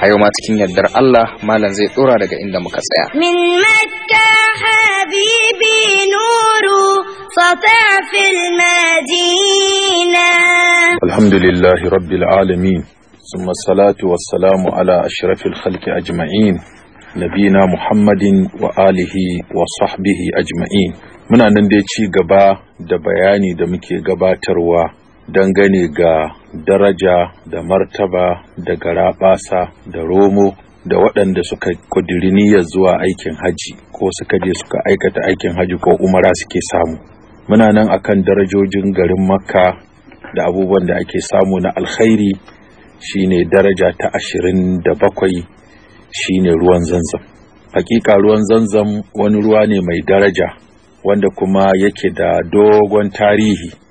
a yau ma cikin yardar Allah malam zai tsora daga inda muka tsaya min makka habibi nuru سطع في المدينة الحمد لله رب العالمين ثم الصلاة والسلام على أشرف الخلق أجمعين نبينا محمد وآله وصحبه أجمعين muna nan dai ci gaba da bayani da muke gabatarwa dangane ga daraja da martaba da garaɓasa da romo da waɗanda suka kudiri niyyar zuwa aikin haji ko suka je suka aikata aikin haji ko umara suke samu muna nan a kan darajojin garin makka da abubuwan da ake samu na alkhairi shine daraja ta ashirin da bakwai shine ruwan zanzam hakika ruwan zanzam wani ruwa ne mai daraja wanda kuma yake da dogon tarihi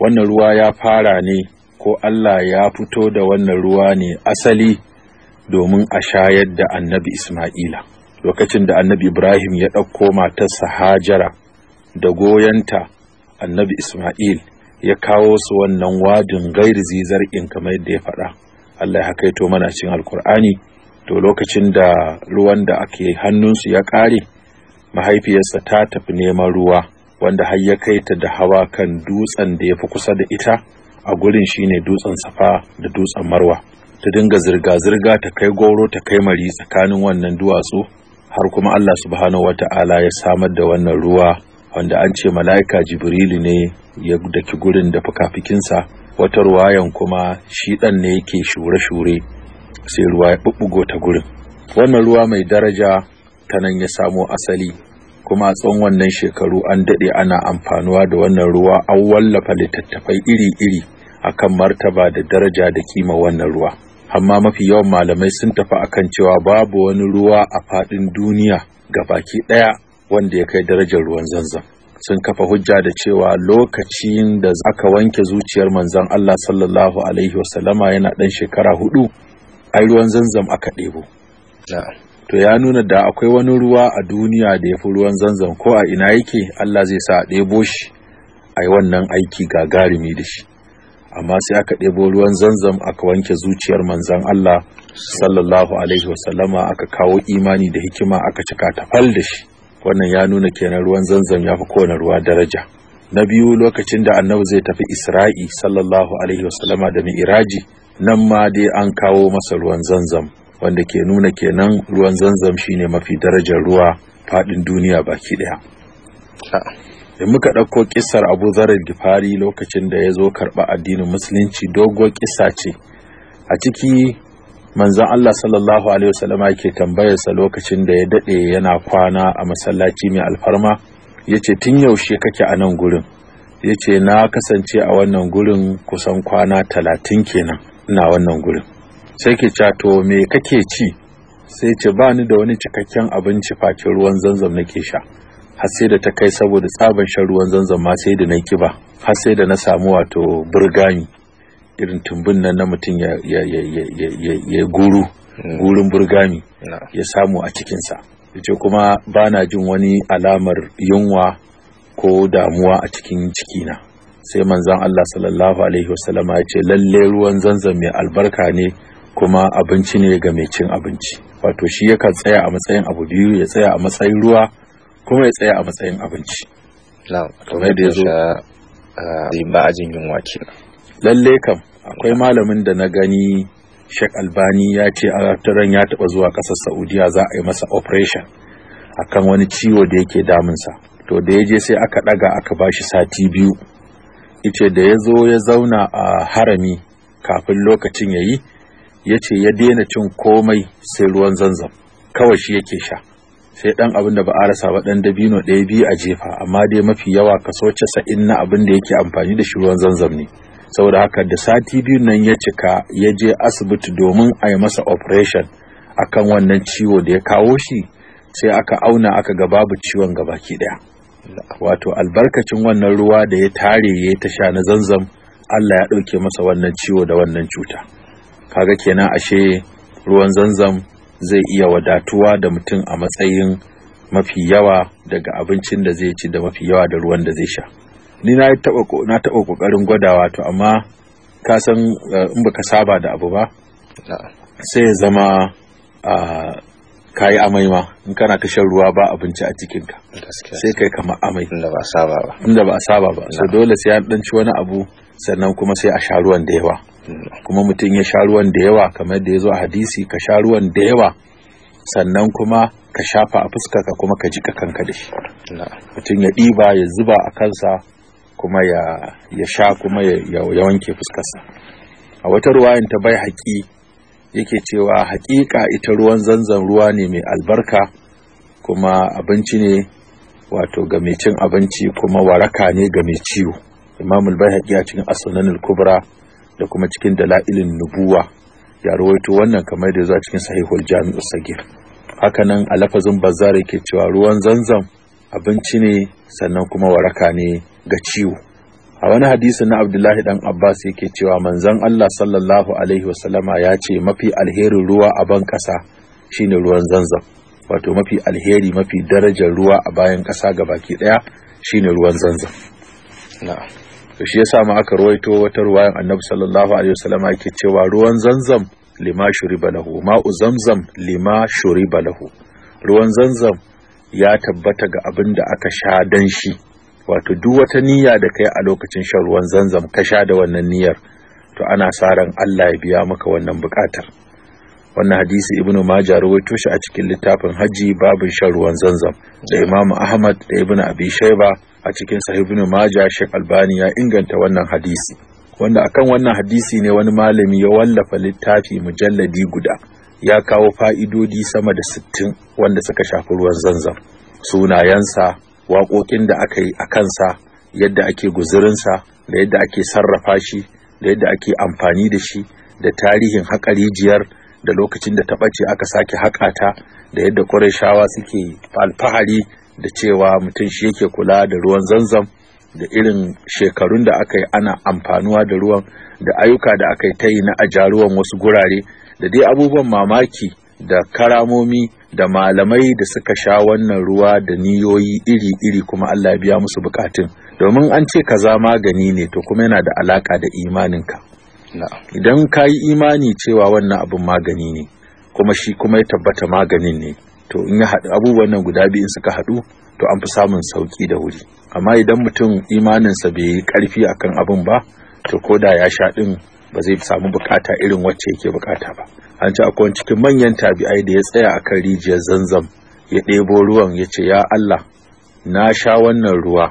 wannan ruwa ya fara ne ko Allah ya fito da wannan ruwa ne asali domin a shayar da annabi Ismaila lokacin da annabi Ibrahim ya ɗauko matarsa Hajara da goyonta annabi Ismail ya kawo su wannan wadin gairi zizarƙin kamar yadda ya faɗa Allah ya kaito mana cikin alkur'ani to lokacin da ruwan da ake hannunsu ya ƙare mahaifiyarsa ta tafi neman ruwa wanda har ya kai ta da hawa kan dutsen da ya fi kusa da ita a gurin shine dutsen safa da dutsen marwa ta dinga zirga-zirga ta kai goro ta kai mari tsakanin wannan duwatsu har kuma Allah subhanahu wata'ala ya samar da wannan ruwa wanda an ce mala'ika jibrilu ne ya daki gurin da fikafikinsa. wata ruwayan kuma shi dan ne yake shure-shure sai ruwa ya ta gurin wannan ruwa mai daraja ta nan ya samo asali kuma a tsawon wannan shekaru an daɗe ana amfanuwa da wannan ruwa an wallafa littattafai iri-iri akan martaba da daraja da kima wannan ruwa amma mafi yawan malamai sun tafi akan cewa babu wani ruwa a faɗin duniya ga baki ɗaya wanda ya kai darajar ruwan zanzan sun kafa hujja da cewa lokacin da aka wanke zuciyar manzon Allah sallallahu alaihi wasallama yana ɗan shekara hudu ai ruwan zanzam aka ɗebo to ya nuna da akwai wani ruwa a duniya da ya fi ruwan zanzan ko a ina yake Allah zai sa a ɗebo shi a yi wannan aiki gagarumi da shi amma sai aka ɗebo ruwan zanzam aka wanke zuciyar manzan Allah sallallahu alaihi wasallama aka kawo imani da hikima aka cika tafal da shi wannan ya nuna kenan ruwan zanzam ya fi kowane ruwa daraja na biyu lokacin da annabi zai tafi isra'i sallallahu alaihi wasallama da mi'iraji nan ma dai an kawo masa ruwan zanzam wanda ke nuna kenan ruwan zanzam shine mafi darajar ruwa faɗin duniya baki ɗaya In muka ɗauko ƙisar abu zarar gifari lokacin da ya zo karɓa addinin musulunci dogo ƙisa ce a ciki manzan Allah sallallahu alaihi wasallama ke tambayarsa lokacin da ya daɗe yana kwana a masallaci mai alfarma yace tun yaushe kake a nan gurin yace na kasance a wannan gurin kusan kwana talatin kenan ina wannan gurin sai ke cato me kake ci sai ce ba ni da wani cikakken abinci face ruwan zanzam nake sha har sai da ta kai saboda tsaban shan ruwan zanzam ma sai da na kiba har sai da na samu wato burgani irin tumbin nan na mutum ya ya ya ya ya guru hmm. gurin burgami hmm. ya samu a cikinsa yace kuma ba na jin wani alamar yunwa ko damuwa a cikin ciki na. sai manzon Allah sallallahu alaihi wasallama ya ce lalle ruwan zanzam mai albarka ne kuma abinci ne ga mai cin abinci wato shi yakan tsaya a matsayin abu biyu ya tsaya a matsayin ruwa kuma ya tsaya a matsayin abinci kamar da ya zo ah, ba a jin yunwa lalle kam akwai malamin da na gani Sheikh Albani ya ce a taron ya taɓa zuwa ƙasar Saudiya za a yi masa operation akan wani ciwo da yake damunsa to da ya je sai aka ɗaga aka ba shi sati biyu ice da ya zo ya zauna a harami kafin lokacin ya yi ya ce ya daina cin komai sai ruwan zanzam kawai shi yake sha sai dan abin da ba a rasa ba dan dabino ɗaya biyu a jefa amma dai mafi yawa kaso casa'in na abin da yake amfani da shi ruwan zanzam ne saboda haka da sati biyu nan ya cika ya je asibiti domin a yi masa operation akan wannan ciwo da ya kawo shi sai aka auna aka ga babu ciwon gabaki daya wato albarkacin wannan ruwa da ya tare ya ta sha na zanzam Allah ya ɗauke masa wannan ciwo da wannan cuta kaga kenan ashe ruwan zanzam zai iya wadatuwa da mutum a matsayin mafi yawa daga abincin da zai ci da mafi yawa da ruwan da zai sha ni na taɓa na taɓa ƙoƙarin gwadawa to amma ka san eh, in baka saba da abu ba sai ya zama ah, ka yi amai ma in kana ta shan ruwa ba abinci a cikinka sai kai kama amai inda ba a saba ba inda ba saba ba so dole sai ya ɗanci wani abu sannan kuma sai a sha ruwan da yawa kuma mutum ya sha ruwan da yawa kamar da ya zo a hadisi ka sha ruwan da yawa sannan kuma ka shafa a fuska ka kuma ka jika kanka da shi mutum ya ɗiba ya zuba a kansa kuma ya, sha kuma ya, ya wanke fuskarsa a wata ruwayan ta bai haƙi yake cewa haƙiƙa ita ruwan zanzan ruwa ne mai albarka kuma abinci ne wato ga mai cin abinci kuma waraka ne ga mai ciwo imamul bai haƙi a cikin asananul kubra da kuma cikin dala'ilin nubuwa ya rawaito wannan kamar da zuwa cikin sahihul jami'u sagir nan a lafazin bazar yake cewa ruwan zanzam abinci ne sannan kuma waraka ne ga ciwo a wani hadisi na abdullahi dan abbas yake cewa manzon allah sallallahu alaihi wasallama ya ce mafi alherin ruwa a ban ƙasa shine ruwan zanzam wato mafi alheri mafi darajar ruwa a bayan ƙasa ga baki ɗaya shine ruwan zanzam na'am to shi yasa ma aka ruwaito wata ruwayan annabi sallallahu alaihi wasallam yake cewa ruwan zanzam lima shuriba lahu ma'u zamzam lima shuriba lahu ruwan zanzam ya tabbata ga abin da aka sha dan shi wato duk wata niyya da kai a lokacin shan ruwan zanzam ka sha da wannan niyyar to ana sa ran Allah ya biya maka wannan bukatar wannan hadisi ibnu majah rawaito shi a cikin littafin haji babin shan ruwan zanzam da imamu ahmad da ibnu abi shayba a cikin sahibin maja shek albani ya inganta wannan hadisi wanda akan wannan hadisi ne wani malami ya wallafa littafi mujalladi guda ya kawo fa'idodi sama da sittin wanda suka shafi ruwan zanzan. sunayensa waƙoƙin da aka yi a kansa yadda ake guzurinsa da yadda ake sarrafa shi da yadda ake amfani da shi da tarihin haƙa rijiyar da lokacin da ta ɓace aka sake haƙa ta da yadda shawa suke alfahari da cewa mutum shi yake kula da ruwan zanzam da irin shekarun da aka yi ana amfanuwa da ruwan da ayyuka da aka yi ta yi na ajaruwan wasu gurare da dai abubuwan mamaki da karamomi da malamai da suka sha wannan ruwa da niyoyi iri-iri kuma Allah biya musu bukatun domin an ce kaza magani ne to kuma yana da alaka da imaninka idan ka yi imani cewa wannan abin magani ne kuma shi kuma ya tabbata maganin ne to in ya haɗu abubuwan nan guda biyu suka haɗu to an fi samun sauƙi da wuri amma idan mutum imaninsa bai yi ƙarfi akan abin ba to ko da ya sha ɗin ba zai samu bukata irin wacce yake bukata ba an ci akwai cikin manyan tabi'ai da ya tsaya akan rijiyar zanzam ya ɗebo ruwan ya ce ya Allah na sha wannan ruwa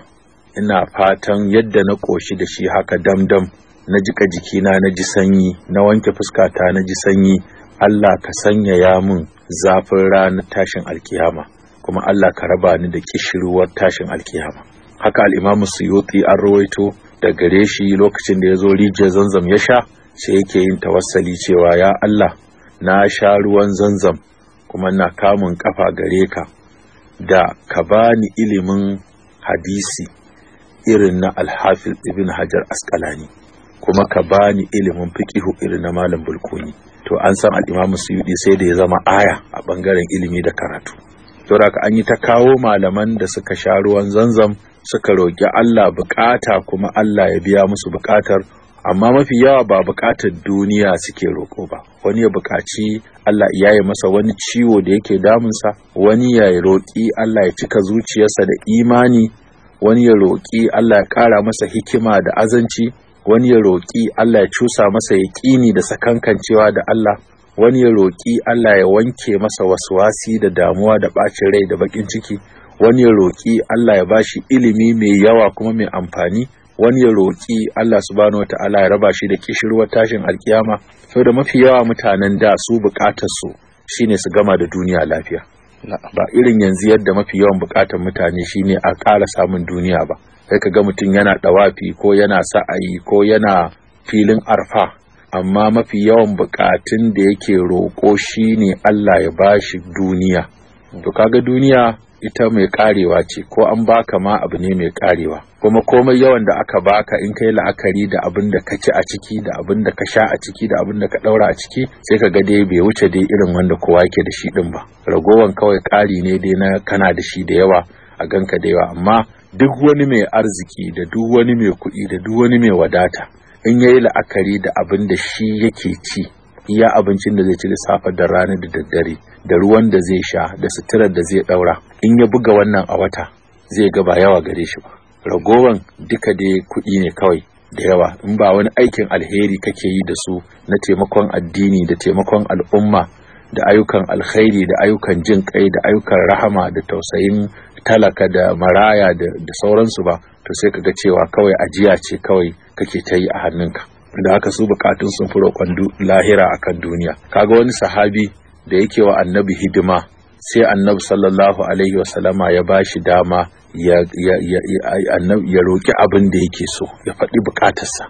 ina fatan yadda na ƙoshi da shi haka damdam na jika jikina na ji sanyi na wanke fuskata na ji sanyi Allah ka sanya ya mun zafin ranar tashin alkiyama kuma Allah ka raba ni da kishirwar tashin alkiyama haka al-Imam Suyuti an rawaito da gare shi lokacin da ya zo rijiyar Zanzam ya sha sai yake yin tawassali cewa ya Allah na sha ruwan Zanzam kuma na kamun kafa gare ka da ka bani ilimin hadisi irin na Al-Hafiz Ibn Hajar Askalani kuma ka bani ilimin fiqihu irin na Malam Bulkuni to an san al'imamu suyuɗi sai da ya zama aya a ɓangaren ilimi da karatu saboda an yi ta kawo malaman da suka sha ruwan zanzam suka roƙi Allah buƙata kuma Allah ya biya musu bukatar amma mafi yawa ba bukatar duniya suke roƙo ba wani ya buƙaci Allah ya yi masa wani ciwo da yake damunsa wani ya roƙi Allah ya cika zuciyarsa da imani wani ya roƙi Allah ya ƙara masa hikima da azanci wani ya roƙi Allah ya cusa masa yaƙini da sakankancewa da Allah wani ya roƙi Allah ya wanke masa waswasi da damuwa da ɓacin rai da baƙin ciki wani ya roƙi Allah ya bashi ilimi mai yawa kuma mai amfani wani ya roƙi Allah subhanahu wata'ala ya raba shi da kishirwar tashin alkiyama sau da mafi yawa mutanen da su buƙatar su shine su gama da duniya lafiya ba irin yanzu yadda mafi yawan bukatar mutane shine a ƙara samun duniya ba sai ka ga mutum yana ɗawafi ko yana sa'ayi ko yana filin arfa amma mafi yawan bukatun da yake roƙo shine Allah ya bashi duniya to kaga duniya ita mai karewa ce ko an baka ma abu ne mai karewa kuma komai yawan da aka baka in kai la'akari da abin da ka ci a ciki da abin da ka sha a ciki da abin da ka daura a ciki sai ka ga dai bai wuce dai irin wanda kowa yake da shi din ba ragowan kawai kari ne dai na kana da shi da yawa a ganka da yawa amma duk wani mai arziki da duk wani mai kuɗi da duk wani mai wadata in yayi la'akari da abin da shi yake ci iya abincin da zai ci da safe da rana da daddare da ruwan da zai sha da suturar da zai daura in ya buga wannan a wata zai ga ba yawa gare shi ba ragowan duka dai kuɗi ne kawai da yawa in ba wani aikin alheri kake yi da su na taimakon addini da taimakon al'umma da ayyukan alkhairi da ayyukan jin kai da ayyukan rahama da tausayin talaka da maraya da sauransu ba to sai kaga cewa kawai ajiya ce kawai kake ta yi a hannunka da aka su bukatun sun fi roƙon lahira a kan duniya kaga wani sahabi da yake wa annabi hidima sai annabi sallallahu alaihi wasallama ya ba shi dama ya, ya, ya, ya roƙi abin da yake so ya faɗi bukatarsa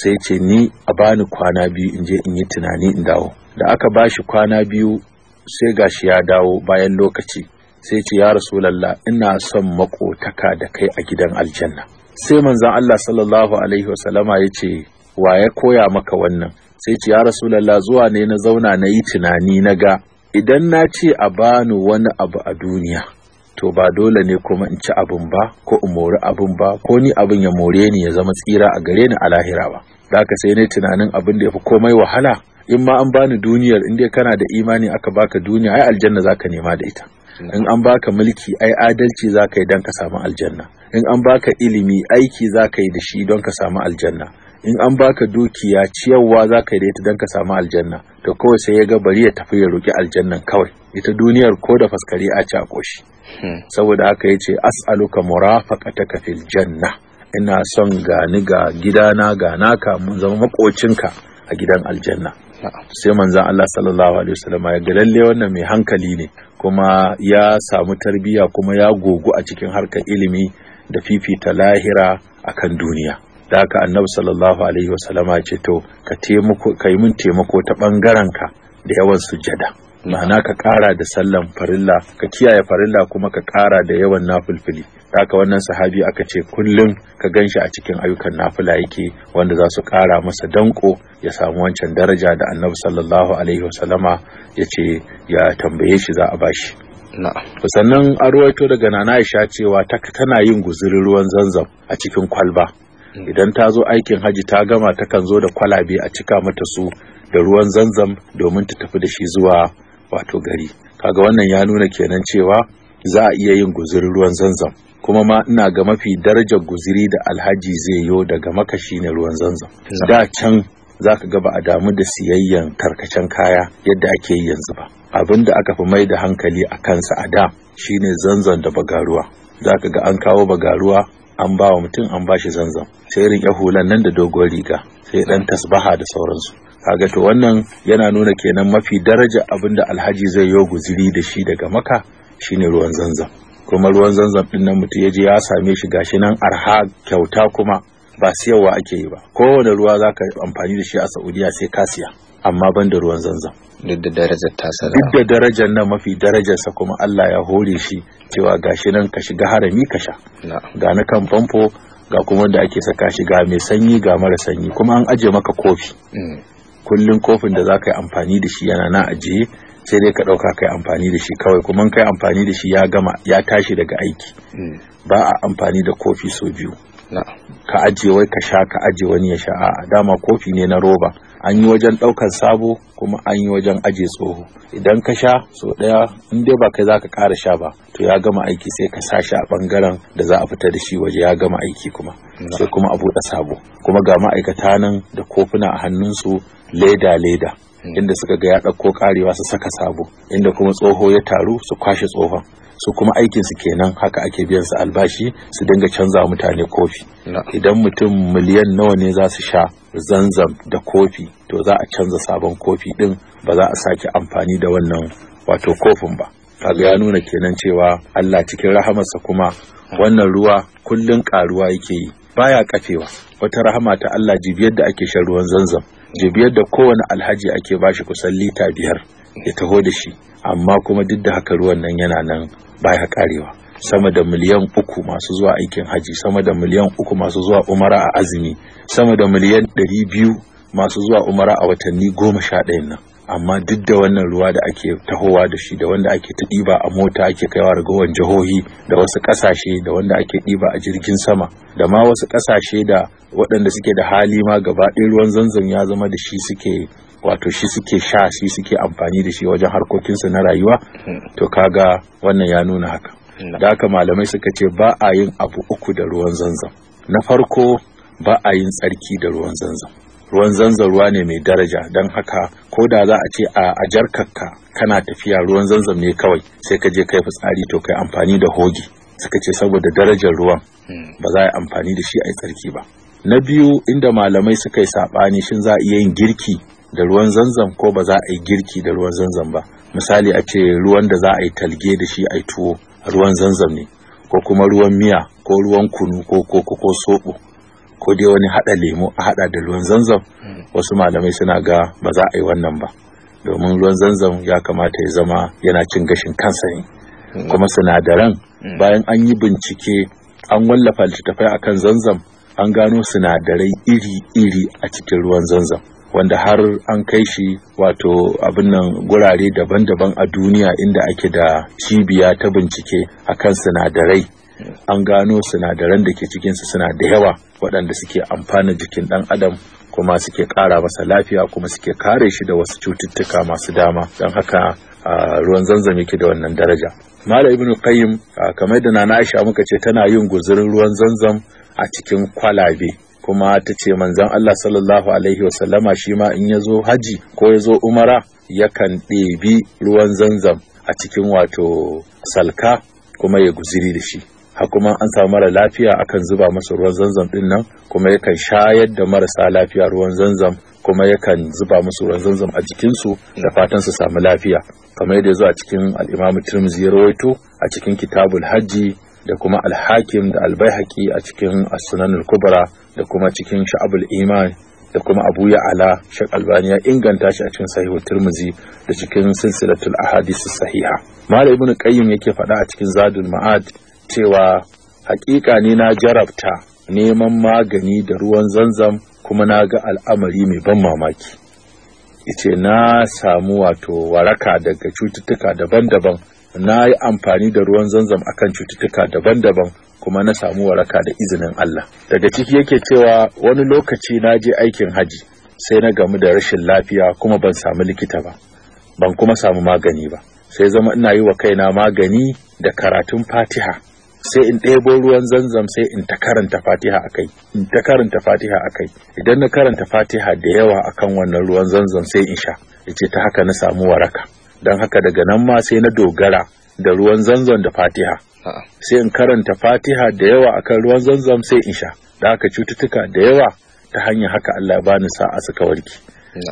sai ce ni a bani kwana biyu in je in yi tunani in dawo da aka ba shi kwana biyu sai gashi ya dawo bayan lokaci sai ce ya rasulallah ina son makotaka da kai a gidan aljanna sai manzan Allah sallallahu alaihi wasallama ya ce wa ya koya maka wannan sai ce ya rasulallah zuwa ne na zauna na yi tunani na ga idan na ce a bani wani abu a duniya to ba dole ne kuma in ci abin ba ko in mori abin ba ko ni abin ya more ni ya zama tsira a gare ni a lahira ba da ka sai ne tunanin abin da ya fi komai wahala in ma an bani duniyar in dai kana da imani aka baka duniya ai aljanna zaka nema da ita in an baka mulki ai adalci zaka yi don ka samu aljanna in an baka ilimi aiki zaka yi da shi don ka samu aljanna in an baka dukiya ciyarwa za ka yi da ita don ka samu aljanna to kawai sai ya ga bari ya tafi ya roƙi aljannan kawai ita duniyar ko da faskari a ci a ƙoshi hmm. saboda haka ya ce as'aluka ta fil janna ina son gani ga gidana ga naka mun zama makocinka a gidan aljanna sai manzan Allah sallallahu alaihi wasallam ya ga lalle wannan mai hankali ne kuma ya samu tarbiya kuma ya gogu a cikin harkar ilimi da fifita lahira a kan duniya da haka annabi sallallahu alaihi ce to ka taimako kai yi taimako ta bangaren ka da yawan sujada ma'ana ka ƙara da sallan farilla ka kiyaye farilla kuma ka ƙara da yawan nafilfili haka wannan sahabi aka ce kullum ka ganshi a cikin ayyukan nafila yake wanda za su ƙara masa danko ya samu wancan daraja da annabi sallallahu alaihi wasallama ya ce ya tambaye shi za a bashi sannan an ruwaito daga nana aisha cewa tana yin guzurin ruwan zanzam a cikin kwalba idan ta zo aikin haji ta gama takan zo da kwalabe a cika mata su da ruwan zanzam domin ta tafi da shi zuwa wato gari kaga wannan ya nuna kenan cewa za a iya yin guzurin ruwan zanzam kuma ma ina ga mafi darajar guziri da alhaji zai yo daga makashi ne ruwan zanzam da can za ka ga ba a damu da siyayyan karkacen kaya yadda ake yi yanzu ba abin da aka fi mai da hankali a kansa a da shine zanzan da bagaruwa za ka ga an kawo bagaruwa an ba wa mutum an ba shi zanzam sai irin ya hulan nan da dogon riga sai dan tasbaha da sauransu kaga to wannan yana nuna kenan mafi daraja abinda alhaji zai yo guziri da shi daga maka shine ruwan zanzam kuma ruwan zanzam din nan mutum ya je ya same shi gashi nan arha kyauta kuma ba siyarwa ake yi ba kowane ruwa za ka amfani da shi a saudiya sai ka siya amma ban da ruwan zanzan duk da darajar tasa duk da darajar nan mafi darajarsa kuma Allah ya hore shi cewa gashi nan ka shiga harami ka sha ga na kan famfo ga kuma da ake saka shi ga mai sanyi ga mara sanyi kuma an aje maka kofi mm. Kullum kofin da za ka yi amfani da shi yana na ajiye sai dai ka ɗauka kai amfani da shi kawai kuma kai amfani da shi ya gama ya tashi daga aiki mm. ba a amfani da kofi sau biyu ka ajiye wai ka sha ka ajiye wani ya sha a dama kofi ne na roba an yi wajen ɗaukar sabo kuma an yi wajen ajiye tsoho idan ka sha so ɗaya in dai ba kai za ka ƙara sha ba to ya gama aiki sai ka sa shi a ɓangaren da za a fita da shi waje ya gama aiki kuma sai kuma a buɗe sabo kuma ga ma'aikata nan da kofuna a hannunsu leda leda hmm. inda suka ga ya ɗauko karewa su saka sabo inda kuma tsoho ya taru su kwashe tsohon su kuma aikin su kenan haka ake biyan su albashi su dinga canza mutane kofi idan mutum miliyan nawa ne za su sha zanzam da kofi to za a canza sabon kofi din ba za a sake amfani da wannan wato kofin ba kaga ya nuna kenan cewa Allah cikin rahamarsa kuma wannan ruwa kullun karuwa yake yi baya kafewa wata rahama ta Allah jibiyar da ake shan ruwan zanzam jibiyar da kowane alhaji ake bashi kusan lita biyar ya taho da shi amma kuma duk da haka ruwan nan yana nan baya karewa sama da miliyan uku masu zuwa aikin haji sama da miliyan uku masu zuwa umara a azumi sama da miliyan ɗari biyu masu zuwa umara a watanni goma sha ɗayan nan amma duk da wannan ruwa da ake tahowa da shi da wanda ake ta ɗiba a mota ake kaiwa ragowar jihohi da wasu ƙasashe da wanda ake ɗiba a jirgin sama da ma wasu ƙasashe da waɗanda suke da hali ma gaba ɗaya ruwan zanzan ya zama da shi suke wato shi suke sha shi suke amfani da shi wajen harkokinsu na rayuwa to kaga wannan ya nuna haka hmm. da haka malamai suka ce ba a yin abu uku da ruwan zanzan na farko ba a yin tsarki da ruwan zanzan ruwan zanzan ruwa ne mai daraja don haka ko da za a ce a ka kana tafiya ruwan zanzam ne kawai sai ka je kai fitsari to kai amfani da hogi suka ce saboda darajar ruwan hmm. ba za a yi amfani da shi a yi tsarki ba na biyu inda malamai suka yi saɓani shin za a iya yin girki da ruwan zanzam ko ba za a yi girki da ruwan zanzam ba misali a ce ruwan da za a yi talge da shi a yi tuwo ruwan zanzam ne ko kuma ruwan miya ko ruwan kunu ko koko ko soɓo ko dai wani haɗa lemu a haɗa da ruwan zanzam wasu malamai suna ga ba za a yi wannan ba domin ruwan zanzam ya kamata ya zama yana cin gashin kansa ne kuma sinadaran bayan an yi bincike an wallafa littattafai akan zanzam an gano sinadarai iri-iri a cikin ruwan zanzam wanda har an kai shi wato abin nan gurare daban-daban a duniya inda ake da cibiya ta bincike a kan sinadarai an gano sinadaran da ke cikinsu suna da yawa waɗanda suke amfana jikin ɗan adam kuma suke ƙara masa lafiya kuma suke kare shi da wasu cututtuka masu dama don haka ruwan zanzam yake da wannan daraja mala ibn qayyim kamar da nana aisha muka ce tana yin guzurin ruwan zanzam a cikin kwalabe kuma ta ce manzon Allah sallallahu alaihi wasallama shi ma in ya zo haji ko ya zo umara yakan ɗebi ruwan zanzam a cikin wato salka kuma ya guziri da shi kuma an samu mara lafiya akan zuba masa ruwan zanzam din nan kuma yakan shayar da marasa lafiya ruwan zanzam kuma yakan zuba musu ruwan zanzam a jikinsu da fatan su samu lafiya kamar yadda ya zo a cikin al'imamu tirmizi ya rawaito a cikin kitabul hajji da kuma alhakim da albaihaki a cikin as-sunanul kubra da kuma cikin sha'abul iman da kuma abu Ala shek albani ya inganta shi a cikin sahihu turmuzi da cikin silsilatul ahadisu sahiha mala ibn qayyim yake faɗa a cikin zadul ma'ad cewa haƙiƙa ne na jarabta neman magani da ruwan zanzam kuma na ga al'amari mai ban mamaki ice na samu wato waraka daga cututtuka daban-daban na yi amfani da ruwan zanzam akan cututtuka daban-daban kuma na samu waraka da izinin Allah daga ciki yake cewa wani lokaci na je aikin haji sai na gamu da rashin lafiya kuma ban samu likita ba ban kuma samu magani ba sai zama ina yi wa kaina magani da karatun fatiha sai in ɗebo ruwan zanzam sai in ta karanta fatiha a kai in ta karanta fatiha a kai idan na karanta fatiha da yawa akan wannan ruwan zanzam sai in sha ce ta haka na samu waraka don haka daga nan ma sai na dogara da ruwan zanzan da fatiha sai in karanta fatiha da yawa akan ruwan zanzan sai in sha da haka cututtuka da yawa ta hanyar haka Allah bani sa'a suka warke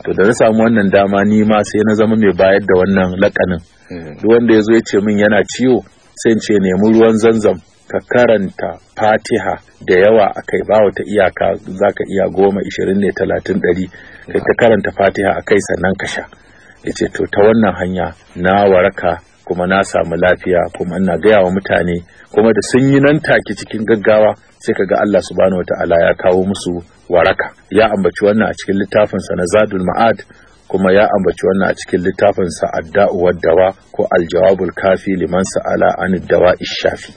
to da na samu wannan dama ni ma sai na zama mai bayar da wannan lakanin hmm. duk wanda yazo ya ce min yana ciwo sai in ce nemi ruwan zanzan ka karanta fatiha da yawa akai ba wata iyaka zaka iya goma ishirin ne talatin ɗari ka karanta fatiha akai sannan ka sha yace to ta wannan hanya na waraka kuma na samu lafiya kuma ina gaya wa mutane kuma da sun yi nan take cikin gaggawa sai ka ga Allah subhanahu wataala ya kawo musu waraka ya ambaci wannan a cikin littafinsa na Zadul Ma'ad kuma ya ambaci wannan a cikin littafinsa Adda'u dawa ko Aljawabul Kafi liman sa'ala an dawa ishafi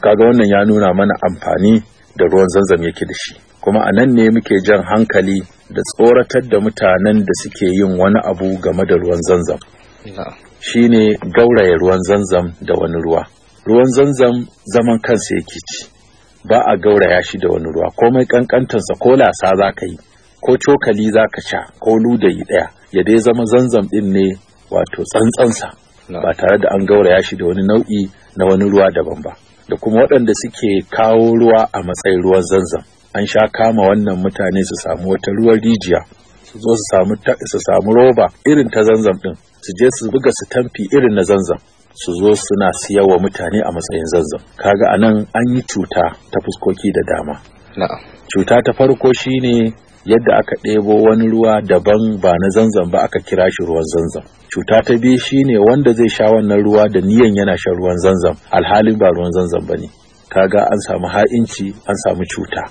kaga wannan ya nuna mana amfani da ruwan zanzam yake da shi kuma a nan ne muke jan hankali da tsoratar da mutanen da suke yin wani abu game da ruwan zanzam Shi ne gauraya ruwan zanzam da wani ruwa ruwan zanzam zaman kansa yake ci ba a gauraya shi da wani ruwa komai kankantarsa ko lasa za ka yi ko cokali za ka sha ko ludayi ɗaya ya dai zama zanzam ɗin ne wato tsantsansa ba tare da an gauraya shi da wani nau'i na wani ruwa daban ba da kuma waɗanda suke kawo ruwa a matsayin ruwan zanzam an sha kama wannan mutane su samu wata ruwan rijiya su zo su samu su samu roba irin ta zanzam din su je su buga su tamfi irin na zanzam su zo suna siyarwa mutane a matsayin zanzam kaga anan an yi cuta ta fuskoki da dama na'am cuta ta farko shine yadda aka ɗebo wani ruwa daban ba na zanzam ba aka kira shi ruwan zanzam. cuta ta biyu shine wanda zai sha wannan ruwa da niyan yana shan ruwan zanzam, alhalin ba ruwan zanzam ba ne kaga an samu ha'inci an samu cuta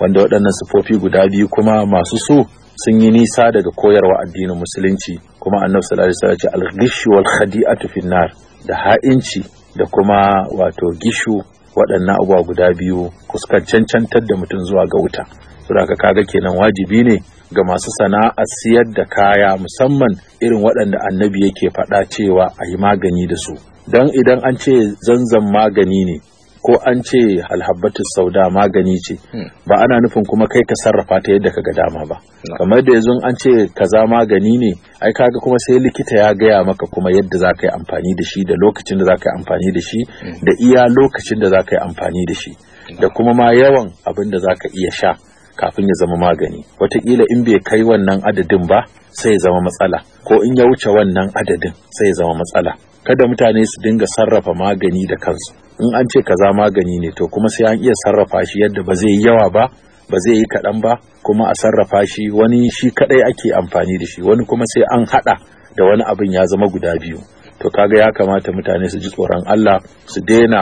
wanda waɗannan sufofi guda biyu kuma masu so sun yi nisa daga koyarwa addinin musulunci kuma annabi sallallahu alaihi wasallam ce al-ghishu wal khadi'atu fi nar da ha'inci da kuma wato gishu waɗannan abuwa guda biyu kuskan cancantar da mutum zuwa ga wuta saboda kaga kenan wajibi ne ga masu sana'a siyar da kaya musamman irin waɗanda annabi yake faɗa cewa a yi magani da su don idan an ce zanzan magani ne ko an ce alhabbatus sauda magani ce hmm. ba ana nufin kuma kai ka sarrafa ta yadda ka ga dama ba kamar da yanzu an ce kaza magani ne ai kaga kuma sai likita ya gaya maka kuma yadda za ka yi amfani da shi da lokacin da za ka yi amfani da shi hmm. da iya lokacin da za ka yi amfani da shi da kuma ma yawan abin da za ka iya sha kafin ya zama magani wataƙila in bai kai wannan adadin ba sai ya zama matsala ko in ya wuce wannan adadin sai ya zama matsala kada mutane su dinga sarrafa magani da kansu in an ce kaza magani ne to kuma sai an iya sarrafa shi yadda ba zai yi yawa ba ba zai yi kaɗan ba kuma a sarrafa shi wani shi kaɗai ake amfani da shi wani kuma sai an haɗa da wani abin ya zama guda biyu to kaga ya kamata mutane su ji tsoron Allah su daina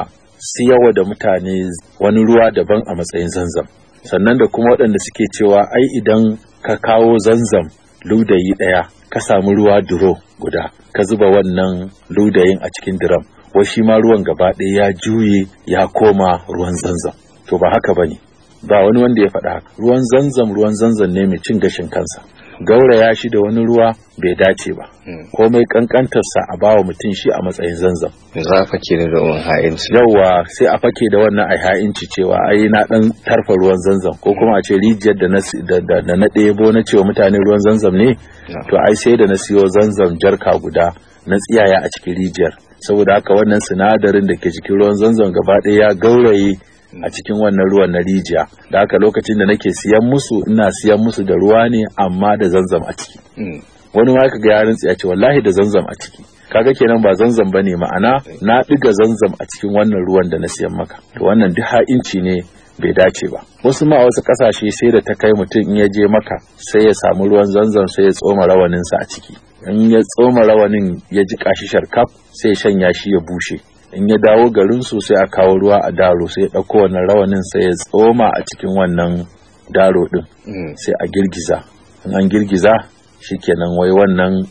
siyawa da mutane wani ruwa daban a matsayin zanzam sannan da kuma waɗanda suke cewa ai idan ka kawo zanzam ludayi ɗaya ka samu ruwa duro guda ka zuba wannan ludayin a cikin diram wai shi ma ruwan gaba ɗaya ya juye ya koma ruwan zanzam to ba haka bane ba wani wanda ya faɗa ruwan zanzam ruwan zanzam ne mai cin gashin kansa gauraya shi da wani ruwa bai dace ba hmm. komai kankantarsa a bawa mutum shi a matsayin zanzam za a fake da ruwan ha'inci yauwa sai a fake da wannan a ha'inci cewa ai na dan tarfa ruwan zanzam ko kuma a ce rijiyar da na na ɗebo na cewa mutane ruwan zanzam ne to ai sai da na siyo zanzam jarka guda na tsiyaya a cikin rijiyar saboda haka wannan sinadarin da ke jikin ruwan zanzam gaba ɗaya ya gauraye a cikin wannan ruwan na rijiya da haka lokacin da nake siyan musu ina siyan musu da ruwa ne amma da zanzam a ciki mm. wani ma kaga yarin ya ce wallahi da zanzam a ciki kaga kenan ba zanzam bane ma'ana na diga zanzam a cikin wannan ruwan da na siyan maka to wannan duk ha'inci ne bai dace ba wasu ma wasu kasashe sai da ta kai mutum in ya je maka sai ya samu ruwan zanzam sai ya tsoma rawaninsa a ciki in ya tsoma rawanin ya ji kashi sharkaf sai ya shanya shi ya bushe in ya dawo su sai a kawo ruwa a daro sai ya ɗauko wannan rawanin sai ya tsoma a cikin wannan daro ɗin mm. sai a girgiza in an girgiza shikenan wai wannan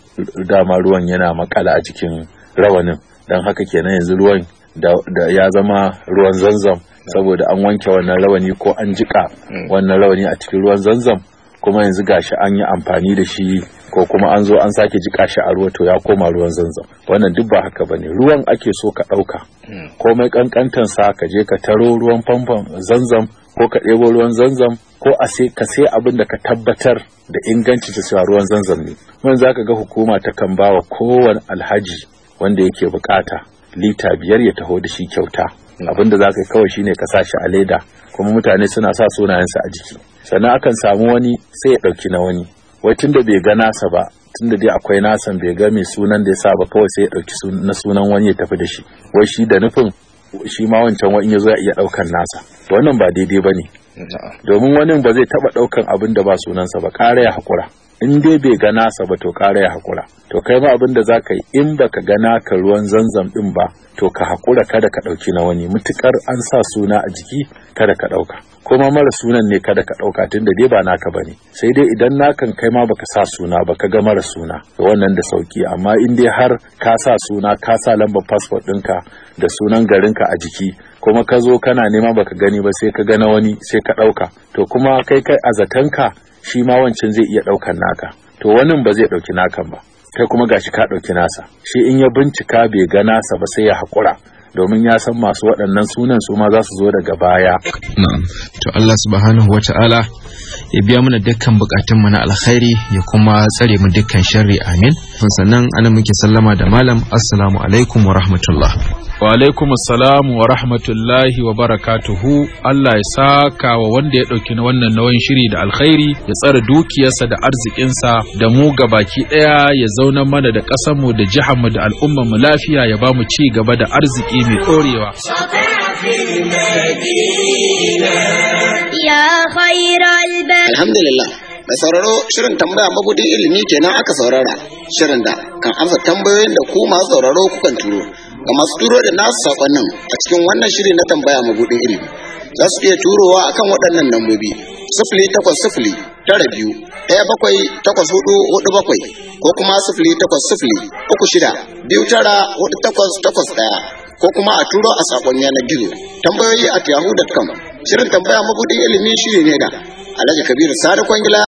dama ruwan yana makala a cikin rawanin don haka kenan yanzu ruwan da ya zama ruwan zanzam saboda an wanke wannan rawani ko an jika mm. wannan rawani a cikin ruwan zanzam kuma yanzu gashi an yi amfani da shi ko kuma an zo an sake jika shi a ruwa to ya koma ruwan zanzam wannan duk ba haka bane ruwan ake so ka ɗauka hmm. komai kankantan sa ka je ka taro ruwan famfon zanzam ko ka ɗebo ruwan zanzam ko a sai ka sai abin da ka tabbatar da inganci ta cewa ruwan zanzam ne za zaka ga hukuma ta kan bawa kowane alhaji wanda yake bukata lita biyar ya taho da shi kyauta hmm. abin da zaka yi kawai shine ka sa shi a leda kuma mutane suna sa sunayensa a jiki sannan akan samu wani sai ya ɗauki na wani wai tunda bai ga nasa ba tunda dai akwai nasan bai ga mai sunan da ya sa kawai sai ya ɗauki na sunan wani ya tafi da shi wai shi da nufin shi ma wancan wani ya zo ya iya ɗaukan nasa wannan ba daidai ba ne domin wani ba zai taba ɗaukan abin da ba sunansa ba kare ya hakura in dai bai ga nasa ba to ƙara ya haƙura to kai ma abin da za ka yi in baka gana ka ruwan zanzam ɗin ba to ka haƙura kada ka ɗauki na wani mutuƙar an sa suna a jiki kada ka ɗauka kuma mara sunan ne kada ka ɗauka tun da dai ba naka ba ne sai dai idan nakan kai ma baka sa suna ba ka ga mara suna da wannan da sauki amma in dai har ka sa suna ka sa lambar fasfot ɗinka da sunan garin ka a jiki kuma ka zo kana nema baka gani ba sai ka ga na wani sai ka ɗauka to kuma kai kai a zatanka shi ma wancan zai iya ɗaukan naka to wannan ba zai ɗauki nakan ba kai kuma gashi ka ɗauki nasa shi in ya bincika bai ga nasa ba sai ya hakura domin ya san masu waɗannan sunan su ma za su zo daga baya to Allah subhanahu wata'ala ya biya mana dukkan bukatun mana alkhairi ya kuma tsare mu dukkan sharri amin sannan ana muke sallama da malam assalamu alaikum wa rahmatullah wa alaikum assalam wa rahmatullahi wa barakatuhu Allah ya saka wa wanda ya ɗauki wannan nauyin shiri da alkhairi ya tsare dukiyarsa da arzikinsa da mu ga baki ɗaya ya zauna mana da ƙasarmu da jiharmu da mu lafiya ya ba mu ci gaba da arziki mai Alhamdulillah, mai sauraro shirin tambaya mabudin ilimi kenan aka saurara shirin da kan amsa tambayoyin da ku masu sauraro kukan turo ga masu turo da nasu sakonnin a cikin wannan shiri na tambaya mabudin ilimi za su iya turowa akan waɗannan lambobi sifili takwas sufuli tara biyu ɗaya bakwai takwas hudu hudu bakwai ko kuma sifili takwas sufuli uku shida biyu tara hudu takwas takwas ɗaya ko kuma a turo a sakon yanar gizo tambayoyi a yahoo.com shirin tambaya mabudin ilimi shiri ne da alhaji kabiru sadakon gila